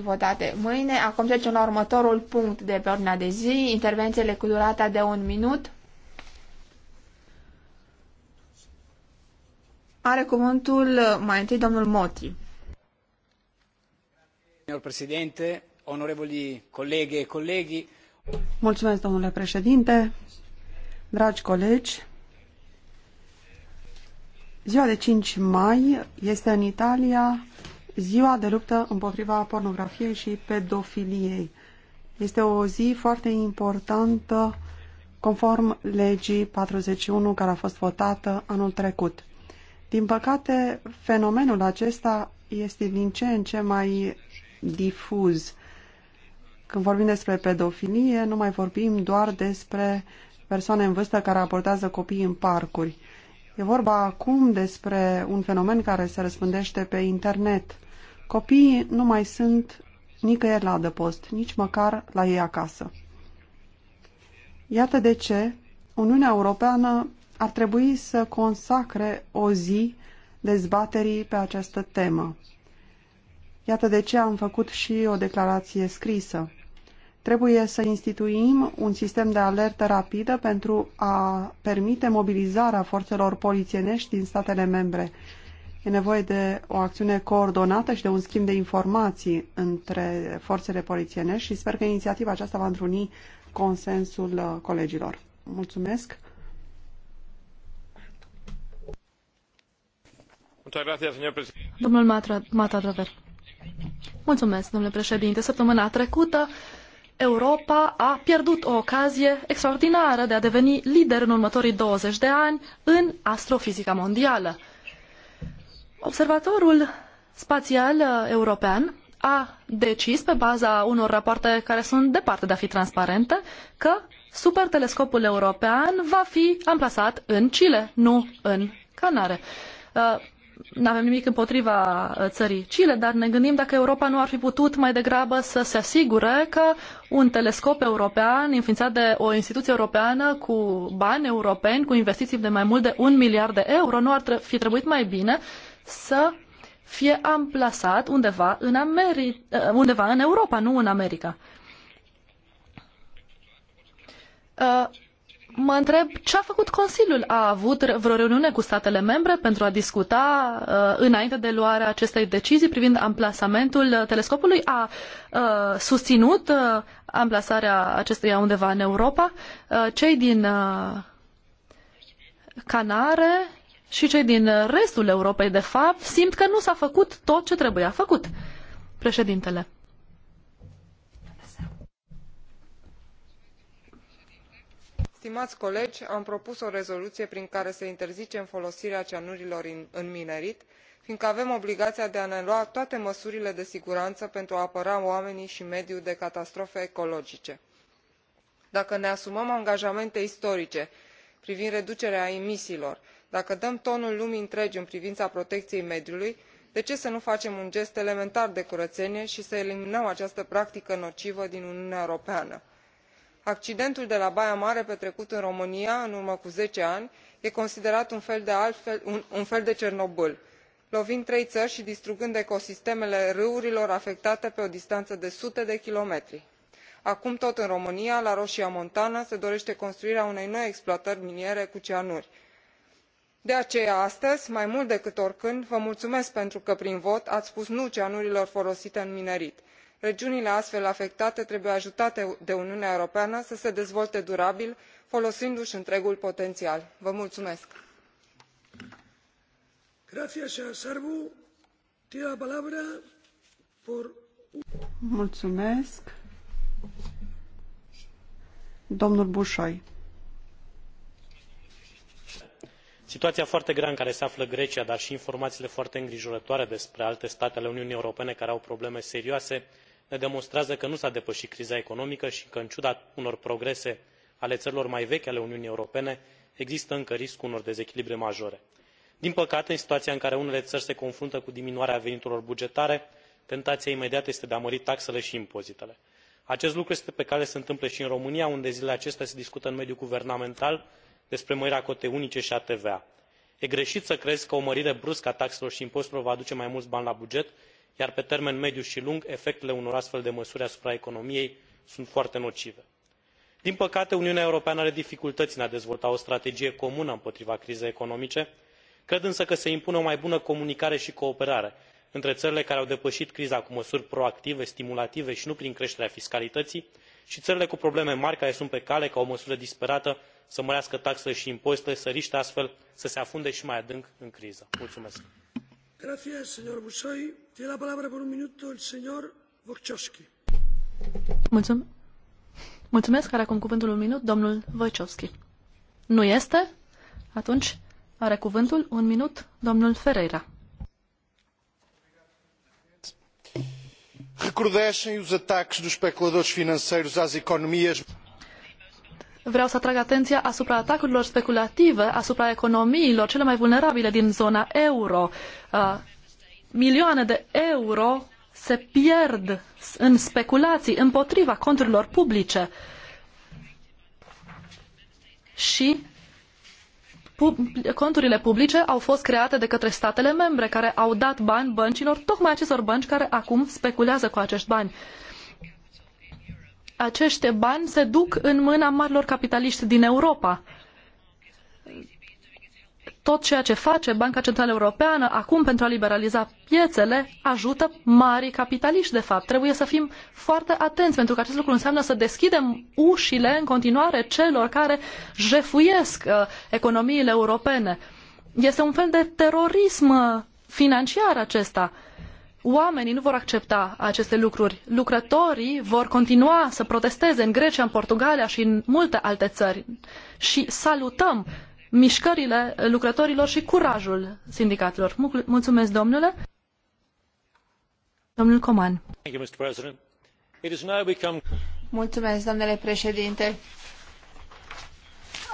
votate mâine. Acum trecem la următorul punct de pe ordinea de zi, intervențiile cu durata de un minut. Are cuvântul uh, mai întâi domnul Moti. Domnul președinte, onorevoli colegi colegi. Mulțumesc, domnule președinte, dragi colegi. Ziua de 5 mai este în Italia ziua de luptă împotriva pornografiei și pedofiliei. Este o zi foarte importantă conform legii 41 care a fost votată anul trecut. Din păcate, fenomenul acesta este din ce în ce mai difuz. Când vorbim despre pedofilie, nu mai vorbim doar despre persoane în vârstă care abordează copii în parcuri. E vorba acum despre un fenomen care se răspândește pe internet. Copiii nu mai sunt nicăieri la adăpost, nici măcar la ei acasă. Iată de ce Uniunea Europeană ar trebui să consacre o zi dezbaterii pe această temă. Iată de ce am făcut și o declarație scrisă. Trebuie să instituim un sistem de alertă rapidă pentru a permite mobilizarea forțelor polițienești din statele membre. E nevoie de o acțiune coordonată și de un schimb de informații între forțele polițienești și sper că inițiativa aceasta va întruni consensul uh, colegilor. Mulțumesc! Domnul Matadrover. Mulțumesc, domnule președinte. Săptămâna trecută Europa a pierdut o ocazie extraordinară de a deveni lider în următorii 20 de ani în astrofizica mondială. Observatorul spațial uh, european a decis, pe baza unor rapoarte care sunt departe de a fi transparente, că supertelescopul european va fi amplasat în Chile, nu în Canare. Uh, nu avem nimic împotriva uh, țării Chile, dar ne gândim dacă Europa nu ar fi putut mai degrabă să se asigure că un telescop european, înființat de o instituție europeană cu bani europeni, cu investiții de mai mult de un miliard de euro, nu ar fi trebuit mai bine să fie amplasat undeva în, Ameri- uh, undeva în Europa, nu în America. Uh, mă întreb ce a făcut Consiliul. A avut vreo reuniune cu statele membre pentru a discuta uh, înainte de luarea acestei decizii privind amplasamentul uh, telescopului? A uh, susținut uh, amplasarea acestuia undeva în Europa? Uh, cei din uh, Canare și cei din restul Europei, de fapt, simt că nu s-a făcut tot ce trebuia făcut. Președintele. stimați colegi am propus o rezoluție prin care să interzicem folosirea cianurilor în minerit fiindcă avem obligația de a ne lua toate măsurile de siguranță pentru a apăra oamenii și mediul de catastrofe ecologice. dacă ne asumăm angajamente istorice privind reducerea emisiilor dacă dăm tonul lumii întregi în privința protecției mediului de ce să nu facem un gest elementar de curățenie și să eliminăm această practică nocivă din uniunea europeană? accidentul de la baia mare petrecut în românia în urmă cu zece ani e considerat un fel de cernobâl lovind trei ări și distrugând ecosistemele râurilor afectate pe o distanță de sute de kilometri. acum tot în românia la roia montană se dorește construirea unei noi exploatări miniere cu cianuri. de aceea astăzi mai mult decât oricând vă mulțumesc pentru că prin vot ai spus nu cianurilor folosite în minerit regiunile astfel afectate trebuie ajutate de uniunea europeană să se dezvolte durabil folosindu și întregul potențial. vă mulțumesc. mulțumesc. situația foarte grea în care se află grecia dar și informațiile foarte îngrijorătoare despre alte state ale uniunii europene care au probleme serioase ne demonstrează că nu s a depăit criza economică i că în ciuda unor progrese ale ărilor mai vechi ale uniunii europene există încă riscul unor dezechilibre majore. din păcate în situaia în care unele ări se confruntă cu diminuarea veniturilor bugetare tentaia imediată este de a mări taxele i impozitele. acest lucru este pe cale să se întâmple i în românia unde zilele acestea se discută în mediul guvernamental despre mărirea cotei unice i a tva. e greit să crezi că o mărire bruscă a taxelor i impozitelor va aduce mai muli bani la buget iar pe termen mediu i lung efectele unor astfel de măsuri asupra economiei sunt foarte nocive. din păcate uniunea europeană are dificultăi în a dezvolta o strategie comună împotriva crizei economice cred însă că se impune o mai bună comunicare i cooperare între ările care au depăit criza cu măsuri proactive stimulative i nu prin creterea fiscalităii i ările cu probleme mari care sunt pe cale ca o măsură disperată să mărească taxele i impozitele sărind astfel să se afunde i mai adânc în criză. mulumesc. Mulțumesc. Mulțumesc. Are cuvântul un minut domnul Nu este? Atunci are cuvântul un minut domnul Ferreira. Recrudescem os ataques dos especuladores financeiros às economias. Vreau să atrag atenția asupra atacurilor speculative, asupra economiilor cele mai vulnerabile din zona euro. Uh, milioane de euro se pierd în speculații împotriva conturilor publice și conturile publice au fost create de către statele membre care au dat bani băncilor, tocmai acestor bănci care acum speculează cu acești bani acești bani se duc în mâna marilor capitaliști din Europa. Tot ceea ce face Banca Centrală Europeană acum pentru a liberaliza piețele ajută marii capitaliști, de fapt. Trebuie să fim foarte atenți, pentru că acest lucru înseamnă să deschidem ușile în continuare celor care jefuiesc uh, economiile europene. Este un fel de terorism uh, financiar acesta. Uh, oamenii nu vor accepta aceste lucruri. Lucrătorii vor continua să protesteze în Grecia, în Portugalia și în multe alte țări. Și salutăm mișcările lucrătorilor și curajul sindicatelor. Mulțumesc, domnule. Domnul Coman. Mulțumesc, domnule președinte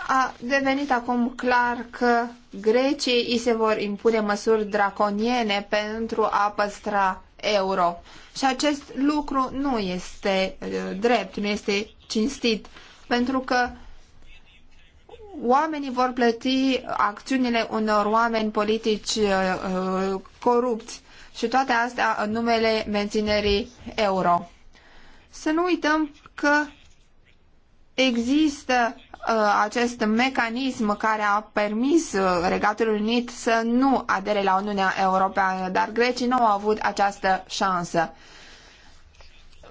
a devenit acum clar că grecii îi se vor impune măsuri draconiene pentru a păstra euro. Și acest lucru nu este uh, drept, nu este cinstit, pentru că oamenii vor plăti acțiunile unor oameni politici uh, uh, corupți și toate astea în numele menținerii euro. Să nu uităm că există uh, acest mecanism care a permis uh, Regatul Unit să nu adere la Uniunea Europeană, dar grecii nu au avut această șansă.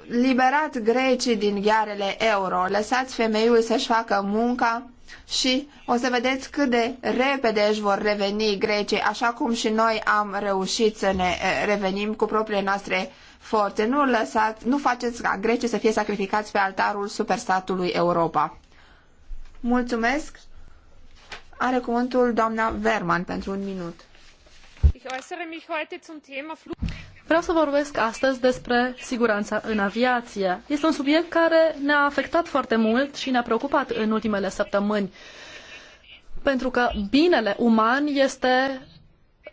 Liberați grecii din ghearele euro, lăsați femeiul să-și facă munca și o să vedeți cât de repede își vor reveni grecii, așa cum și noi am reușit să ne eh, revenim cu propriile noastre forțe. Nu lăsați, nu faceți ca grecii să fie sacrificați pe altarul superstatului Europa. Mulțumesc! Are cuvântul doamna Verman pentru un minut. Vreau să vorbesc astăzi despre siguranța în aviație. Este un subiect care ne-a afectat foarte mult și ne-a preocupat în ultimele săptămâni. Pentru că binele uman este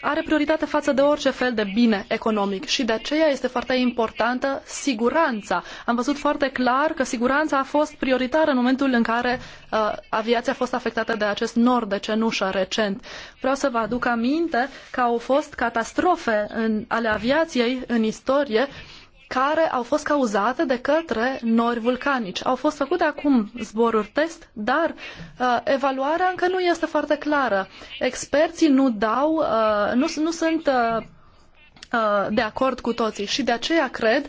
are prioritate față de orice fel de bine economic și de aceea este foarte importantă siguranța. Am văzut foarte clar că siguranța a fost prioritară în momentul în care uh, aviația a fost afectată de acest nor de cenușă recent. Vreau să vă aduc aminte că au fost catastrofe în, ale aviației în istorie uh, care au fost cauzate de către nori vulcanici. Au fost făcute acum zboruri test, dar uh, evaluarea încă nu este foarte clară. Experții nu dau, uh, nu, nu sunt uh, uh, de acord cu toții și de aceea cred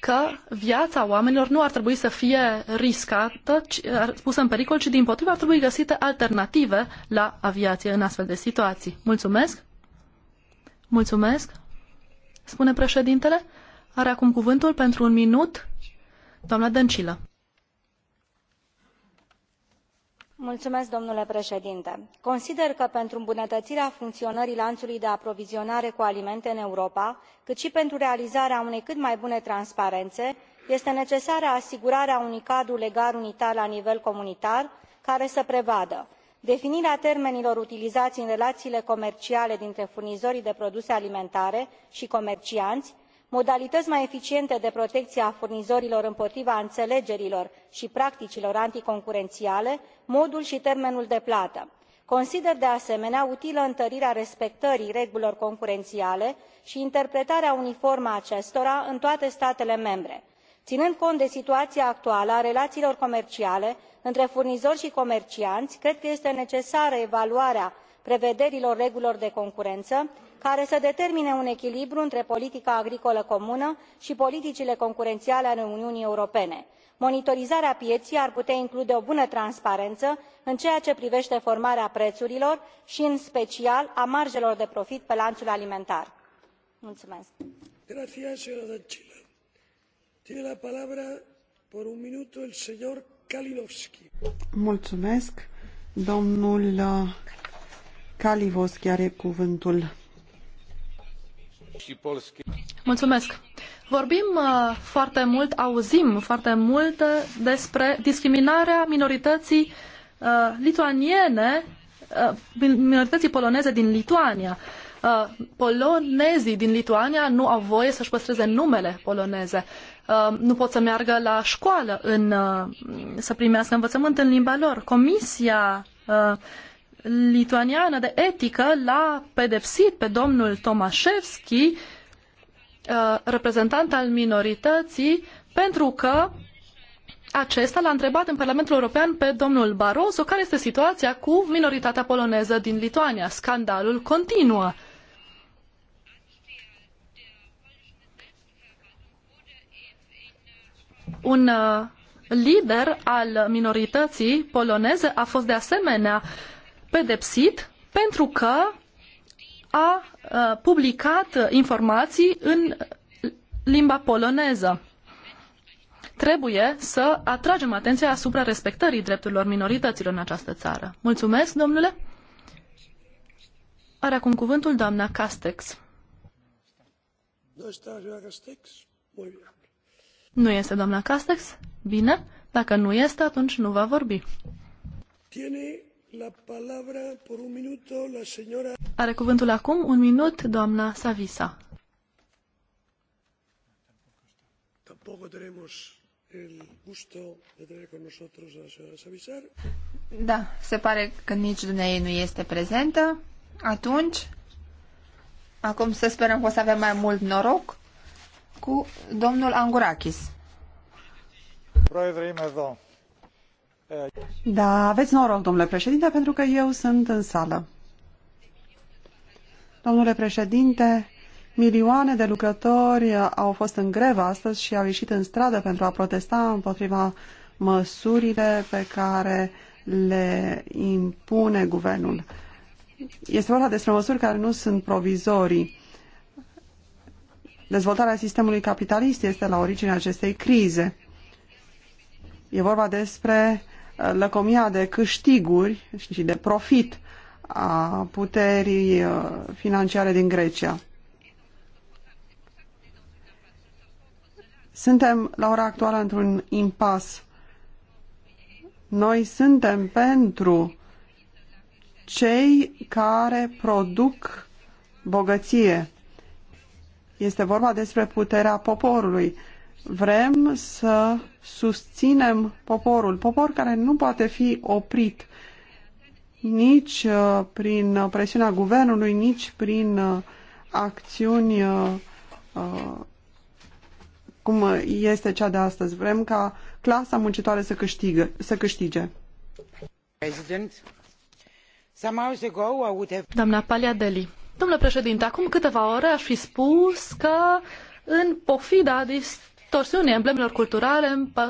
că viața oamenilor nu ar trebui să fie riscată, ci, uh, pusă în pericol, ci din potrivă ar trebui găsite alternative la aviație în astfel de situații. Mulțumesc! Mulțumesc! Spune președintele. Are acum cuvântul pentru un minut doamna Dăncilă. Mulțumesc, domnule președinte. Consider că pentru îmbunătățirea funcționării lanțului de aprovizionare cu alimente în Europa, cât și pentru realizarea unei cât mai bune transparențe, este necesară asigurarea unui cadru legal unitar la nivel comunitar care să prevadă definirea termenilor utilizați în relațiile comerciale dintre furnizorii de produse alimentare și comercianți modalități mai eficiente de protecție a furnizorilor împotriva înțelegerilor și practicilor anticoncurențiale modul și termenul de plată. consider de asemenea utilă întărirea respectării regulilor concurențiale și interpretarea uniformă a acestora în toate statele membre. inând cont de situația actuală a relațiilor comerciale între furnizori și comercianți cred că este necesară evaluarea prevederilor regulilor de concurență care să determine un echilibru între politica agricolă comună și politicile concurențiale ale uniunii europene. monitorizarea pieței ar putea include o bună transparență în ceea ce privește formarea prețurilor și în special a marjelor de profit pe lanțul alimentar. Mulțumesc. Mulțumesc. Domnul uh, are cuvântul. Vorbim uh, foarte mult, auzim foarte mult uh, despre discriminarea minorității uh, lituaniene, minorității poloneze din Lituania. Polonezii din Lituania nu au voie să-și păstreze numele poloneze. Nu pot să meargă la școală în, să primească învățământ în limba lor. Comisia lituaniană de etică l-a pedepsit pe domnul Tomașevski, uh, reprezentant al minorității, pentru că acesta l-a întrebat în Parlamentul European pe domnul Barroso care este situația cu minoritatea poloneză din Lituania. Scandalul continuă. Un uh, lider al minorității poloneze a fost de asemenea uh, pedepsit pentru că a publicat informații în limba poloneză. Trebuie să atragem atenția asupra respectării drepturilor minorităților în această țară. Mulțumesc, domnule. Are acum cuvântul doamna Castex. Nu este doamna Castex? Bine. Dacă nu este, atunci nu va vorbi. Are cuvântul acum un minut doamna Savisa. da, se pare că nici dumneavoastră nu este prezentă. Atunci, acum să sperăm că o să avem mai mult noroc cu domnul Angurakis. Proedre, da, aveți noroc, domnule președinte, pentru că eu sunt în sală. Domnule președinte, milioane de lucrători au fost în grevă astăzi și au ieșit în stradă pentru a protesta împotriva măsurile pe care le impune guvernul. Este vorba despre măsuri care nu sunt provizorii. Dezvoltarea sistemului capitalist este la originea acestei crize. E vorba despre lăcomia de câștiguri și de profit a puterii uh, financiare din Grecia. Suntem la ora actuală într-un impas. Noi suntem pentru cei care produc bogăție. Este vorba despre puterea poporului. Vrem să susținem poporul, popor care nu poate fi oprit nici uh, prin presiunea guvernului, nici prin uh, acțiuni uh, cum este cea de astăzi. Vrem ca clasa muncitoare să, câștigă, să câștige. President. Doamna Paliadeli, domnule președinte, acum câteva ore aș fi spus că în pofida torsiunii emblemelor culturale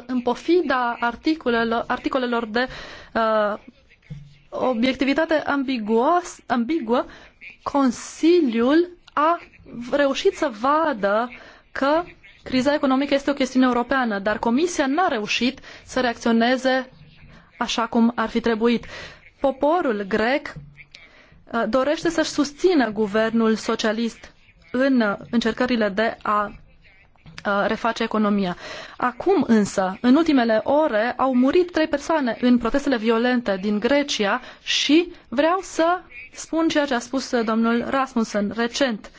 în, pofida articolelor, articolelor de uh, obiectivitate ambiguos, ambiguă, Consiliul a reușit să vadă că criza economică este o chestiune europeană, dar Comisia n-a reușit să reacționeze așa cum ar fi trebuit. Poporul grec uh, dorește să-și susțină guvernul socialist în uh, încercările de a Uh, reface economia. Acum însă, în ultimele ore, au murit trei persoane în protestele violente din Grecia și vreau să spun ceea ce a spus uh, domnul Rasmussen recent.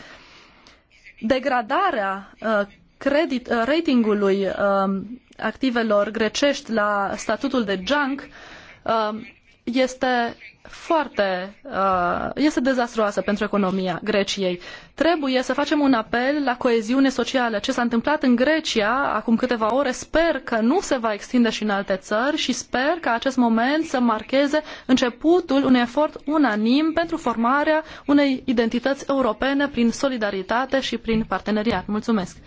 Degradarea uh, credit, ratingului activelor grecești la statutul de junk este foarte uh, este dezastruoasă pentru economia Greciei. Trebuie să facem un apel la coeziune socială. Ce s-a întâmplat în Grecia acum câteva ore, sper că nu se va extinde și în alte țări și sper că acest moment să marcheze începutul unui efort unanim pentru formarea unei identități europene prin solidaritate și prin parteneriat. Mulțumesc!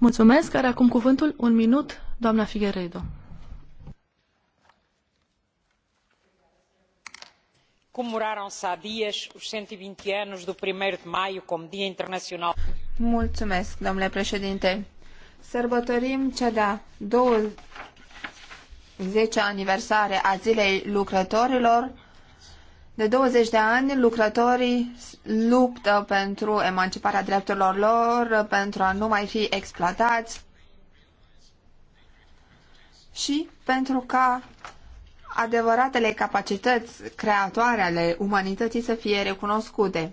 Mulțumesc. Are acum cuvântul un minut, doamna Figueredo. de Mulțumesc, domnule președinte. Sărbătorim cea de-a 20 aniversare a Zilei Lucrătorilor, de 20 de ani, lucrătorii luptă pentru emanciparea drepturilor lor, pentru a nu mai fi exploatați și pentru ca adevăratele capacități creatoare ale umanității să fie recunoscute.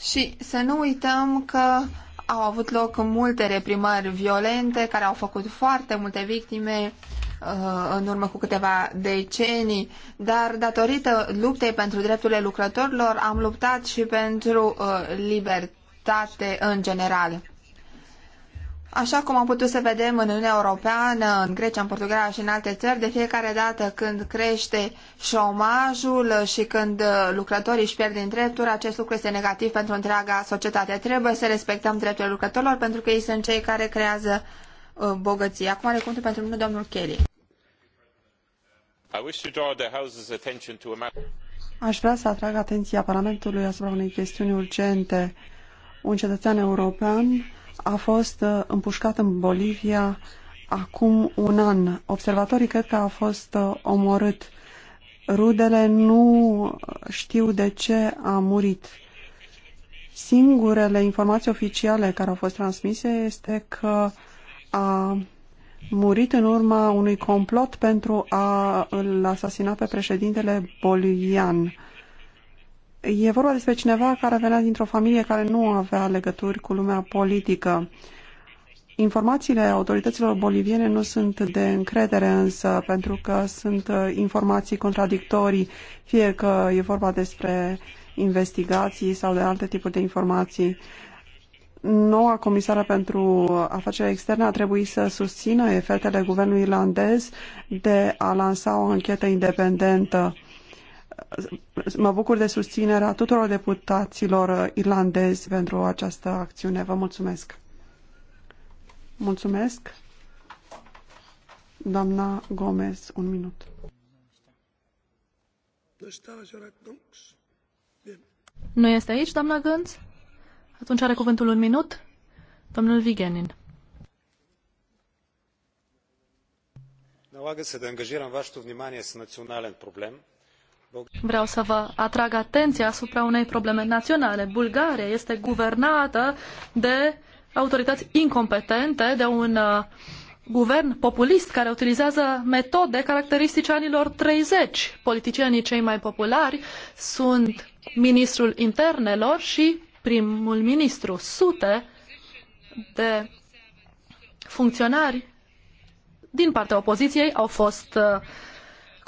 Și să nu uităm că au avut loc multe reprimări violente care au făcut foarte multe victime uh, în urmă cu câteva decenii, dar datorită luptei pentru drepturile lucrătorilor am luptat și pentru uh, libertate în general. Așa cum am putut să vedem în Uniunea Europeană, în Grecia, în Portugalia și în alte țări, de fiecare dată când crește șomajul și când uh, lucrătorii își pierd din drepturi, acest lucru este negativ pentru întreaga societate. Trebuie să respectăm drepturile lucrătorilor pentru că ei sunt cei care creează uh, bogăție. Acum are cuvântul pentru mine domnul Kelly. Aș vrea să atrag atenția Parlamentului asupra unei chestiuni urgente. Un cetățean european a fost uh, împușcat în Bolivia acum un an. Observatorii cred că a fost uh, omorât. Rudele nu știu de ce a murit. Singurele informații oficiale care au fost transmise este că a murit în urma unui complot pentru a îl asasina pe președintele bolivian. E vorba despre cineva care venea dintr-o familie care nu avea legături cu lumea politică. Informațiile autorităților boliviene nu sunt de încredere însă, pentru că sunt uh, informații contradictorii, fie că e vorba despre investigații sau de alte tipuri de informații. Noua comisară pentru afaceri externe a trebuit să susțină efortele guvernului irlandez de a lansa o anchetă independentă mă bucur de susținerea tuturor deputaților irlandezi pentru această acțiune. Vă mulțumesc! Mulțumesc! Doamna Gomez, un minut. Nu este aici, doamna Gânț? Atunci are cuvântul un minut. Domnul Vigenin. Налага се да ангажирам вашето внимание с национален проблем – Vreau să vă atrag atenția asupra unei probleme naționale. Bulgaria este guvernată de autorități incompetente, de un uh, guvern populist care utilizează metode caracteristice anilor 30. Politicienii cei mai populari sunt ministrul internelor și primul ministru. Sute de funcționari din partea opoziției au fost uh,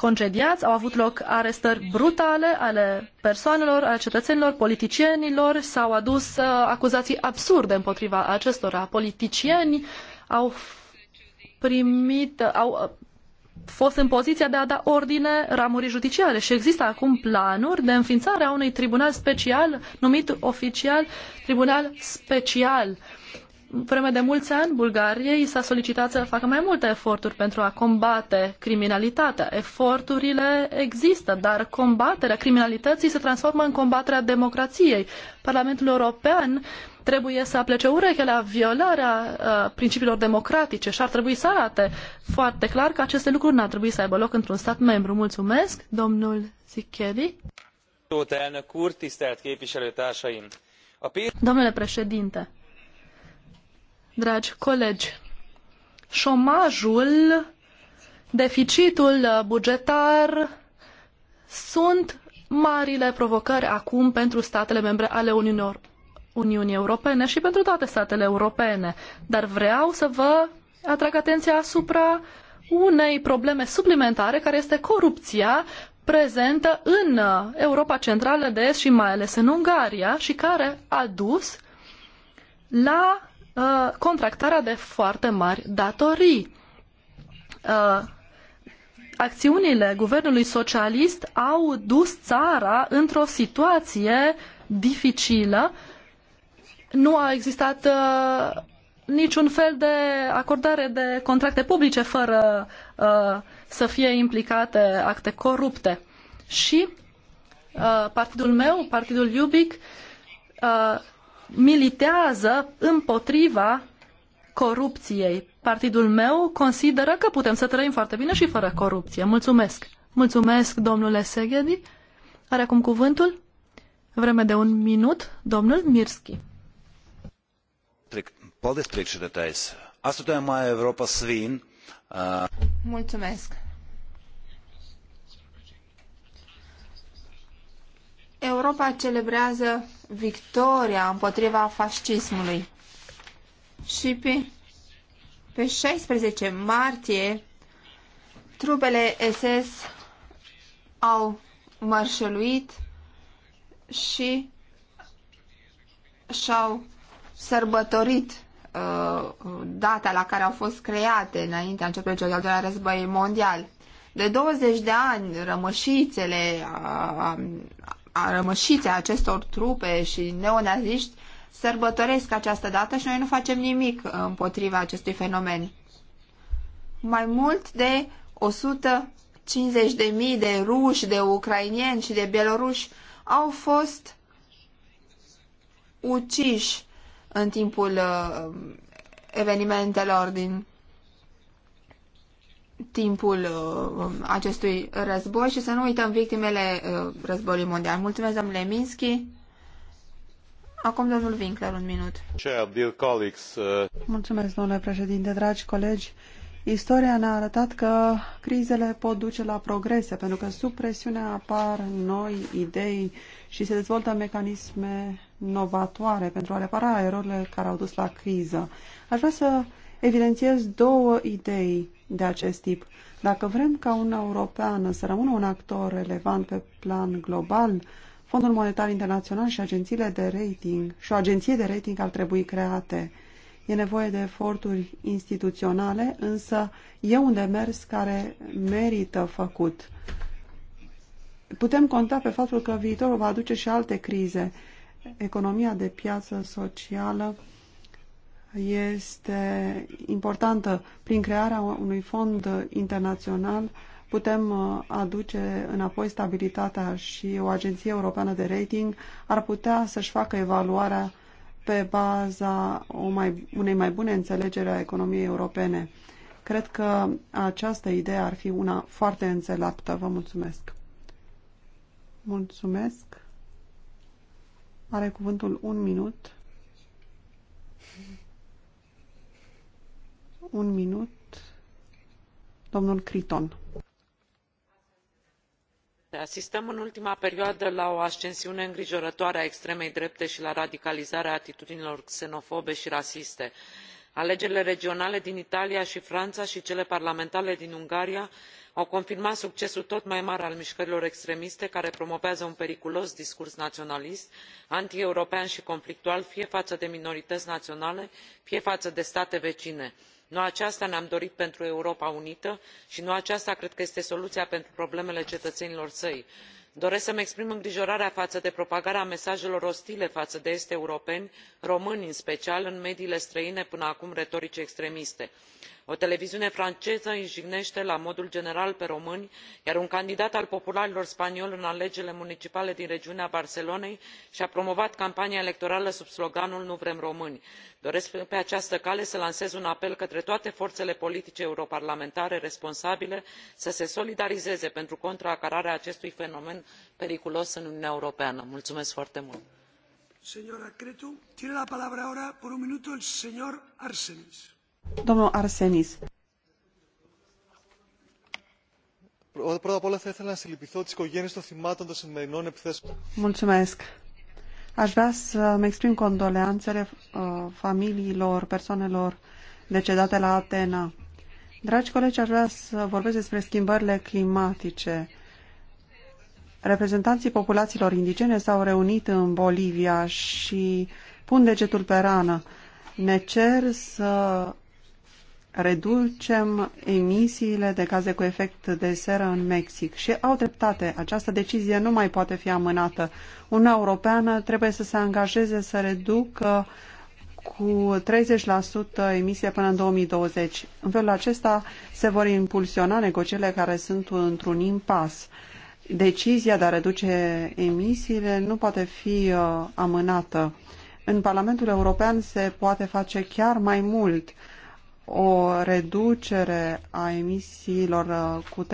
concediați, au avut loc arestări brutale ale persoanelor, ale cetățenilor, politicienilor, s-au adus uh, acuzații absurde împotriva acestora. Politicieni au primit, uh, au uh, fost în poziția de a da ordine ramurii judiciare și există acum planuri de înființare a unui tribunal special numit oficial Tribunal Special vreme de mulți ani Bulgariei s-a solicitat să facă mai multe eforturi pentru a combate criminalitatea. Eforturile există, dar combaterea criminalității se transformă în combaterea democrației. Parlamentul European trebuie să aplece urechea la violarea uh, principiilor democratice și ar trebui să arate foarte clar că aceste lucruri nu ar trebui să aibă loc într-un stat membru. Mulțumesc, domnul Zicheri. Domnule președinte, dragi colegi, șomajul, deficitul bugetar sunt marile provocări acum pentru statele membre ale Uniunilor. Uniunii Europene și pentru toate statele europene, dar vreau să vă atrag atenția asupra unei probleme suplimentare care este corupția prezentă în Europa Centrală de Est și mai ales în Ungaria și care a dus la Uh, contractarea de foarte mari datorii. Uh, acțiunile guvernului socialist au dus țara într-o situație dificilă. Nu a existat uh, niciun fel de acordare de contracte publice fără uh, să fie implicate acte corupte. Și uh, partidul meu, partidul Iubic, uh, militează împotriva corupției. Partidul meu consideră că putem să trăim foarte bine și fără corupție. Mulțumesc! Mulțumesc, domnule Seghedi. Are acum cuvântul? Vreme de un minut, domnul Mirski. Paldies, priekšredētājs. mai Europa svin. Mulțumesc. Europa celebrează victoria împotriva fascismului. Și pe, pe 16 martie, trupele SS au mărșăluit și și-au sărbătorit uh, data la care au fost create înaintea începerii celui de-al doilea război mondial. De 20 de ani, rămășițele rămășițe acestor trupe și neonaziști sărbătoresc această dată și noi nu facem nimic împotriva acestui fenomen. Mai mult de 150.000 de ruși, de ucrainieni și de bieloruși au fost uciși în timpul uh, evenimentelor din timpul uh, acestui război și să nu uităm victimele uh, războiului mondial. Mulțumesc, domnule Minsky. Acum domnul Winkler, un minut. colleagues, uh, Mulțumesc, domnule președinte, dragi colegi. Istoria ne-a arătat că crizele pot duce la progrese, pentru că sub presiune apar noi idei și se dezvoltă mecanisme novatoare pentru a repara erorile care au dus la criză. Aș vrea să evidențiez două idei de acest tip. Dacă vrem ca Uniunea Europeană să rămână un actor relevant pe plan global, Fondul Monetar Internațional și agențiile de rating și o agenție de rating ar trebui create. E nevoie de eforturi instituționale, însă e un demers care merită făcut. Putem conta pe faptul că viitorul va aduce și alte crize. Economia de piață socială este importantă. Prin crearea unui fond internațional putem uh, aduce înapoi stabilitatea și o agenție europeană de rating ar putea să-și facă evaluarea pe baza o mai, unei mai bune înțelegeri a economiei europene. Cred că această idee ar fi una foarte înțeleaptă. Vă mulțumesc! Mulțumesc! Are cuvântul un minut. Un minut. Domnul Criton. Asistăm în ultima perioadă la o ascensiune îngrijorătoare a extremei drepte și la radicalizarea atitudinilor xenofobe și rasiste. Alegerile regionale din Italia și Franța și cele parlamentare din Ungaria au confirmat succesul tot mai mare al mișcărilor extremiste care promovează un periculos discurs naționalist antieuropean și conflictual fie față de minorități naționale fie față de state vecine nu aceasta ne am dorit pentru europa unită i nu aceasta cred că este soluia pentru problemele cetăenilor săi. doresc să mi exprim îngrijorarea faă de propagarea mesajelor ostile faă de est europeni români în special în mediile străine până acum retorice extremiste o televiziune franceză îi jignete la modul general pe români iar un candidat al popularilor spanioli în alegerile municipale din regiunea barcelonei și a promovat campania electorală sub sloganul nu vrem români. doresc pe această cale să lansez un apel către toate forțele politice europarlamentare responsabile să se solidarizeze pentru contracararea acestui fenomen periculos în uniunea europeană. mulțumesc foarte mult! la un el señor Arsenis. Domnul Arsenis. Πρώτα απ' όλα θα ήθελα να συλληπιθώ τις οικογένειες των θυμάτων των σημερινών επιθέσεων. Mulțumesc. Aș vrea să-mi exprim condoleanțele uh, familiilor, persoanelor decedate la Atena. Dragi colegi, aș vrea să vorbesc despre schimbările climatice. Reprezentanții populațiilor indigene s-au reunit în Bolivia și pun degetul pe rană. Ne cer să reducem emisiile de gaze cu efect de seră în Mexic. Și au dreptate, această decizie nu mai poate fi amânată. Uniunea Europeană trebuie să se angajeze să reducă cu 30% emisie până în 2020. În felul acesta se vor impulsiona negocierile care sunt într-un impas. Decizia de a reduce emisiile nu poate fi uh, amânată. În Parlamentul European se poate face chiar mai mult o reducere a emisiilor uh, cu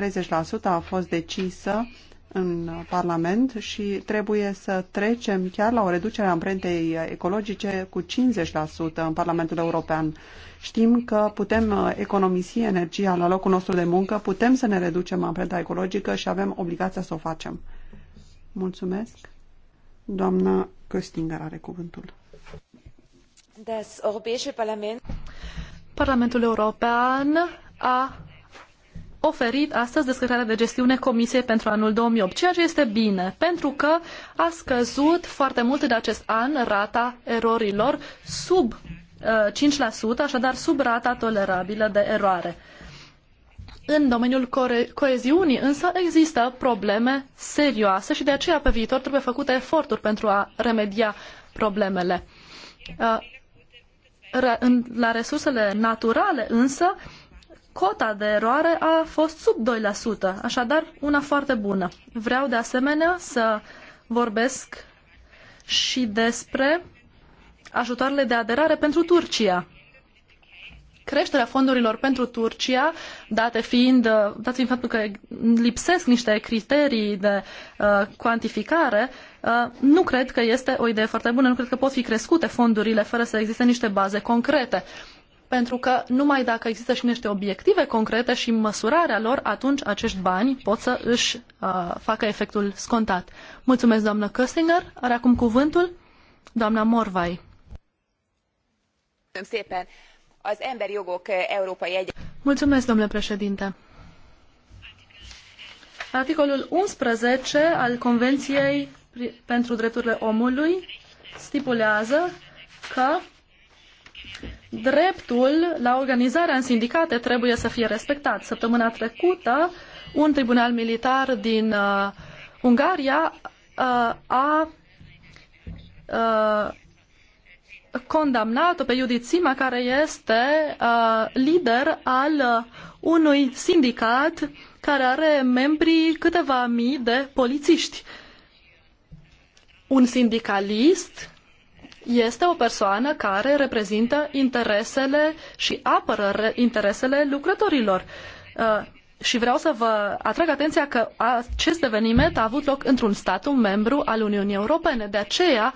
30% a fost decisă în Parlament și trebuie să trecem chiar la o reducere a amprentei ecologice cu 50% în Parlamentul European. Știm că putem uh, economisi energia la locul nostru de muncă, putem să ne reducem amprenta ecologică și avem obligația să o facem. Mulțumesc. Doamna Köstinger are cuvântul. Das Europäische Parlament Parlamentul European a oferit astăzi descărcarea de gestiune Comisiei pentru anul 2008, ceea ce este bine, pentru că a scăzut foarte mult de acest an rata erorilor sub uh, 5%, așadar sub rata tolerabilă de eroare. În domeniul coeziunii însă există probleme serioase și de aceea pe viitor trebuie făcute eforturi pentru a remedia problemele. Uh, la resursele naturale însă, cota de eroare a fost sub 2%, așadar una foarte bună. Vreau de asemenea să vorbesc și despre ajutoarele de aderare pentru Turcia. Creșterea fondurilor pentru Turcia, date fiind, dat fiind faptul că lipsesc niște criterii de uh, cuantificare, uh, Uh, nu cred că este o idee foarte bună, nu cred că pot fi crescute fondurile fără să existe niște baze concrete. Pentru că numai dacă există și niște obiective concrete și măsurarea lor, atunci acești bani pot să își uh, facă efectul scontat. Mulțumesc, doamnă Köstinger. Are acum cuvântul doamna Morvai. Eh, Mulțumesc, domnule președinte. Articolul 11 al Convenției pentru drepturile omului stipulează că dreptul la organizarea în sindicate trebuie să fie respectat. Săptămâna trecută, un tribunal militar din uh, Ungaria uh, a uh, condamnat-o pe Judith Sima, care este uh, lider al uh, unui sindicat care are membri câteva mii de polițiști. Uh, un sindicalist este o persoană care reprezintă interesele și apără interesele lucrătorilor. Uh, și vreau să vă atrag atenția că acest eveniment a avut loc într-un stat un membru al Uniunii Europene. De aceea,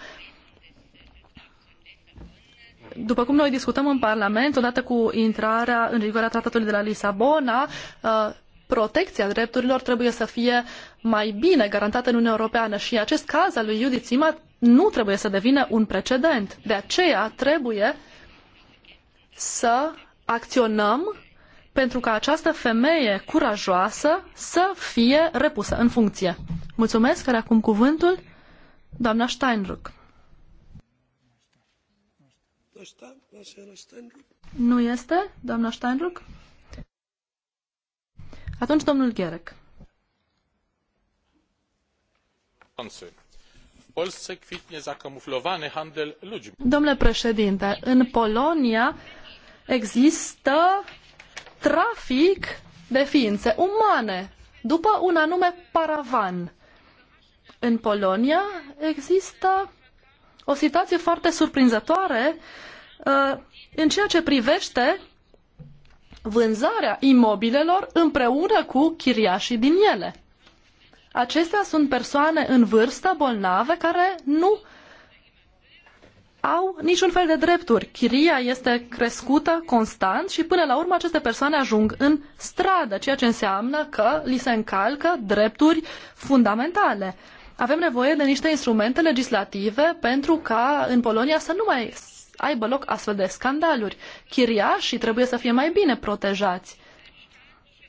după cum noi discutăm în Parlament, odată cu intrarea în vigoare a tratatului de la Lisabona, uh, protecția drepturilor trebuie să fie mai bine garantată în Uniunea Europeană și acest caz al lui Judith Sima nu trebuie să devină un precedent. De aceea trebuie să acționăm pentru ca această femeie curajoasă să fie repusă în funcție. Mulțumesc, care acum cuvântul, doamna Steinruck. Nu este, doamna Steinruck? Atunci, domnul Gherec. Domnule președinte, în Polonia există trafic de ființe umane după un anume paravan. În Polonia există o situație foarte surprinzătoare uh, în ceea ce privește vânzarea imobilelor împreună cu chiriașii din ele. Acestea sunt persoane în vârstă, bolnave, care nu au niciun fel de drepturi. Chiria este crescută constant și până la urmă aceste persoane ajung în stradă, ceea ce înseamnă că li se încalcă drepturi fundamentale. Avem nevoie de niște instrumente legislative pentru ca în Polonia să nu mai aibă loc astfel de scandaluri. Chiriașii trebuie să fie mai bine protejați.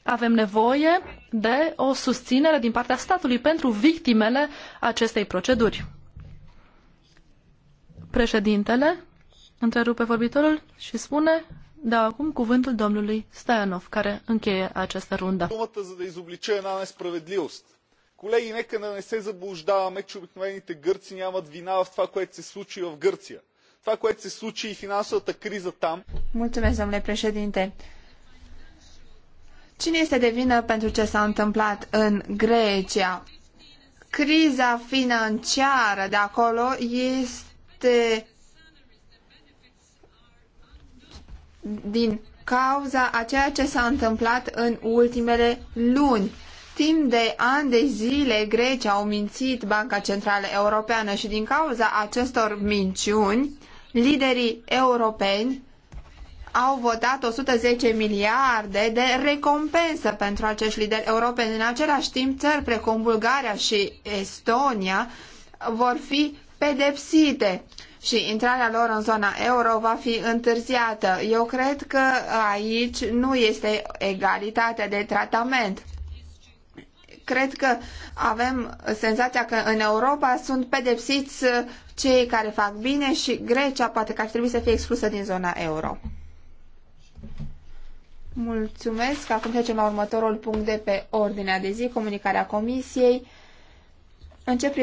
Avem nevoie de o susținere din partea statului pentru victimele acestei proceduri. Președintele întrerupe vorbitorul și spune da acum cuvântul domnului Stoianov, care încheie această rundă. Colegii, нека да не се заблуждаваме, че обикновените гърци нямат вина в това, което се случи в Гърция това, което се случи и финансовата криза там. Mulțumesc, domnule președinte. Cine este de vină pentru ce s-a întâmplat în Grecia? Criza financiară de acolo este din cauza a ceea ce s-a întâmplat în ultimele luni. Timp de ani de zile, Grecia au mințit Banca Centrală Europeană și din cauza acestor minciuni, liderii europeni au votat 110 miliarde de recompensă pentru acești lideri europeni. În același timp, țări precum Bulgaria și Estonia vor fi pedepsite și intrarea lor în zona euro va fi întârziată. Eu cred că aici nu este egalitate de tratament cred că avem senzația că în Europa sunt pedepsiți uh, cei care fac bine și Grecia poate că ar trebui să fie exclusă din zona euro. Mulțumesc. Acum trecem la următorul punct de pe ordinea de zi, comunicarea Comisiei. În ce privește